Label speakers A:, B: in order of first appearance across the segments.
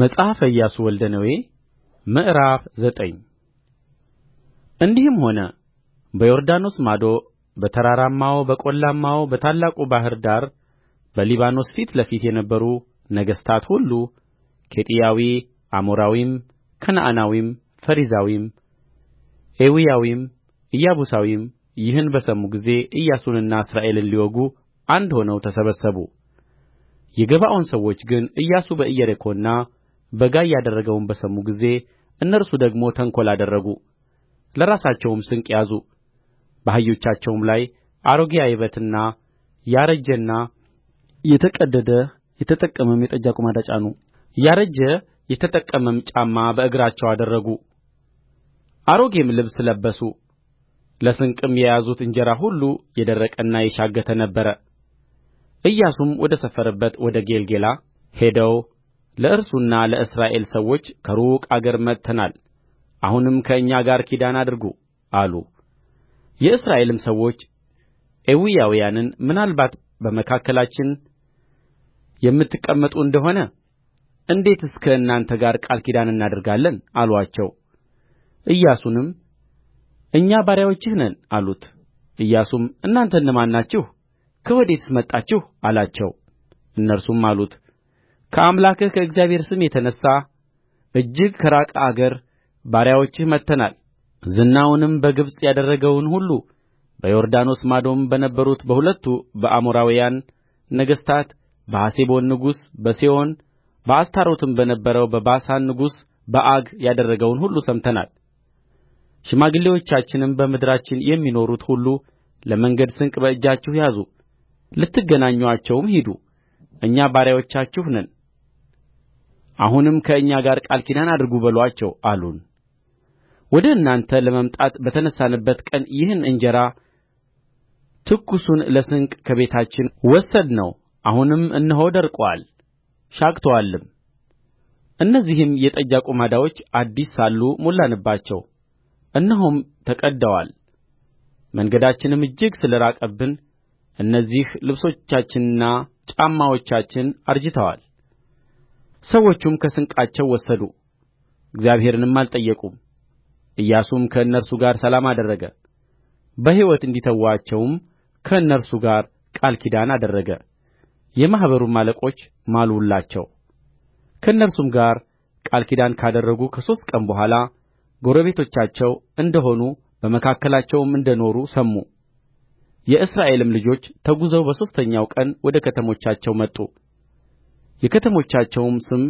A: መጽሐፈ ኢያሱ ወልደ ነዌ ምዕራፍ ዘጠኝ እንዲህም ሆነ በዮርዳኖስ ማዶ በተራራማው በቈላማው በታላቁ ባሕር ዳር በሊባኖስ ፊት ለፊት የነበሩ ነገሥታት ሁሉ ኬጢያዊ አሞራዊም ከነዓናዊም ፈሪዛዊም ኤዊያዊም ኢያቡሳዊም ይህን በሰሙ ጊዜ ኢያሱንና እስራኤልን ሊወጉ አንድ ሆነው ተሰበሰቡ የገባዖን ሰዎች ግን ኢያሱ በኢያሪኮና በጋይ ያደረገውን በሰሙ ጊዜ እነርሱ ደግሞ ተንኰል አደረጉ ለራሳቸውም ስንቅ ያዙ በአህዮቻቸውም ላይ አሮጌ ዓይበትና ያረጀና የተቀደደ የተጠቀመም የጠጅ አቁማዳ ጫኑ ያረጀ የተጠቀመም ጫማ በእግራቸው አደረጉ አሮጌም ልብስ ለበሱ ለስንቅም የያዙት እንጀራ ሁሉ የደረቀና የሻገተ ነበረ ኢያሱም ወደ ሰፈረበት ወደ ጌልገላ ሄደው ለእርሱና ለእስራኤል ሰዎች ከሩቅ አገር መጥተናል አሁንም ከእኛ ጋር ኪዳን አድርጉ አሉ የእስራኤልም ሰዎች ኤዊያውያንን ምናልባት በመካከላችን የምትቀመጡ እንደ ሆነ እንዴትስ ከእናንተ ጋር ቃል ኪዳን እናደርጋለን አሉአቸው ኢያሱንም እኛ ባሪያዎችህ ነን አሉት ኢያሱም እናንተ እነማን ናችሁ ከወዴትስ መጣችሁ አላቸው እነርሱም አሉት ከአምላክህ ከእግዚአብሔር ስም የተነሣ እጅግ ከራቀ አገር ባሪያዎችህ መጥተናል ዝናውንም በግብጽ ያደረገውን ሁሉ በዮርዳኖስ ማዶም በነበሩት በሁለቱ በአሞራውያን ነገሥታት በሐሴቦን ንጉሥ በሴዎን በአስታሮትም በነበረው በባሳን ንጉሥ በዐግ ያደረገውን ሁሉ ሰምተናል ሽማግሌዎቻችንም በምድራችን የሚኖሩት ሁሉ ለመንገድ ስንቅ በእጃችሁ ያዙ ልትገናኙአቸውም ሂዱ እኛ ባሪያዎቻችሁ ነን አሁንም ከእኛ ጋር ቃል ኪዳን አድርጉ በሉአቸው አሉን ወደ እናንተ ለመምጣት በተነሣንበት ቀን ይህን እንጀራ ትኩሱን ለስንቅ ከቤታችን ወሰድነው አሁንም እነሆ ደርቆአል ሻግቶአልም እነዚህም የጠጅ አቁማዳዎች አዲስ ሳሉ ሞላንባቸው እነሆም ተቀድደዋል መንገዳችንም እጅግ ስለ ራቀብን እነዚህ ልብሶቻችንና ጫማዎቻችን አርጅተዋል ሰዎቹም ከስንቃቸው ወሰዱ እግዚአብሔርንም አልጠየቁም ኢያሱም ከእነርሱ ጋር ሰላም አደረገ በሕይወት እንዲተዋቸውም ከእነርሱ ጋር ቃል ኪዳን አደረገ የማኅበሩም አለቆች ማሉላቸው ከእነርሱም ጋር ቃል ኪዳን ካደረጉ ከሦስት ቀን በኋላ ጎረቤቶቻቸው እንደሆኑ በመካከላቸውም እንደ ኖሩ ሰሙ የእስራኤልም ልጆች ተጕዘው በሦስተኛው ቀን ወደ ከተሞቻቸው መጡ የከተሞቻቸውም ስም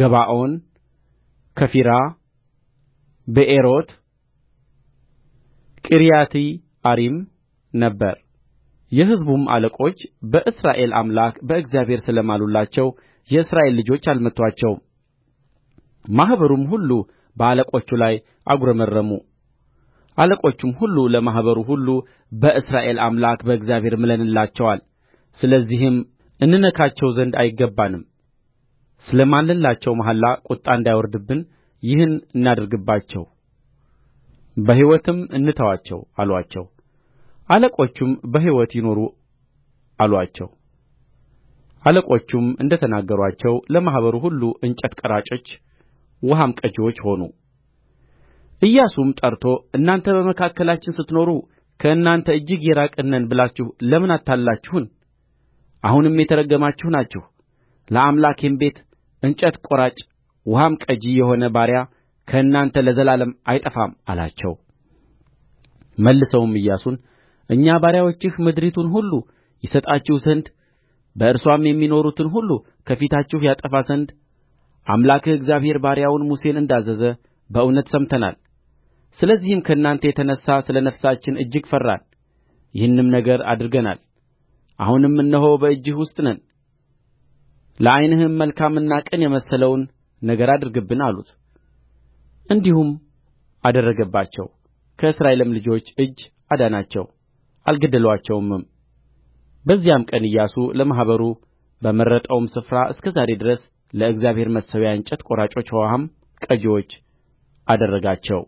A: ገባዖን ከፊራ ብኤሮት ቂርያትይዓሪም ነበረ የሕዝቡም አለቆች በእስራኤል አምላክ በእግዚአብሔር ስለ ማሉላቸው የእስራኤል ልጆች አልመቱአቸውም ማኅበሩም ሁሉ በአለቆቹ ላይ አጕረመረሙ አለቆቹም ሁሉ ለማኅበሩ ሁሉ በእስራኤል አምላክ በእግዚአብሔር ምለንላቸዋል ስለዚህም እንነካቸው ዘንድ አይገባንም ስለ ማልንላቸው መሐላ ቍጣ እንዳይወርድብን ይህን እናድርግባቸው በሕይወትም እንተዋቸው አሉአቸው አለቆቹም በሕይወት ይኑሩ አሉአቸው አለቆቹም እንደ ተናገሩአቸው ለማኅበሩ ሁሉ እንጨት ቆራጮች ውኃም ቀጂዎች ሆኑ ኢያሱም ጠርቶ እናንተ በመካከላችን ስትኖሩ ከእናንተ እጅግ የራቅን ነን ብላችሁ ለምን አታለላችሁን አሁንም የተረገማችሁ ናችሁ ለአምላኬም ቤት እንጨት ቈራጭ ውኃም ቀጂ የሆነ ባሪያ ከእናንተ ለዘላለም አይጠፋም አላቸው መልሰውም ኢያሱን እኛ ባሪያዎችህ ምድሪቱን ሁሉ ይሰጣችሁ ዘንድ በእርስዋም የሚኖሩትን ሁሉ ከፊታችሁ ያጠፋ ዘንድ አምላክህ እግዚአብሔር ባሪያውን ሙሴን እንዳዘዘ በእውነት ሰምተናል ስለዚህም ከእናንተ የተነሣ ስለ ነፍሳችን እጅግ ፈራን ይህንም ነገር አድርገናል አሁንም እነሆ በእጅህ ውስጥ ነን ለዓይንህም መልካምና ቅን የመሰለውን ነገር አድርግብን አሉት እንዲሁም አደረገባቸው ከእስራኤልም ልጆች እጅ አዳናቸው አልገደሉአቸውምም በዚያም ቀን ኢያሱ ለማኅበሩ በመረጠውም ስፍራ እስከ ዛሬ ድረስ ለእግዚአብሔር መሠዊያ እንጨት ቈራጮች ውኃም ቀጂዎች አደረጋቸው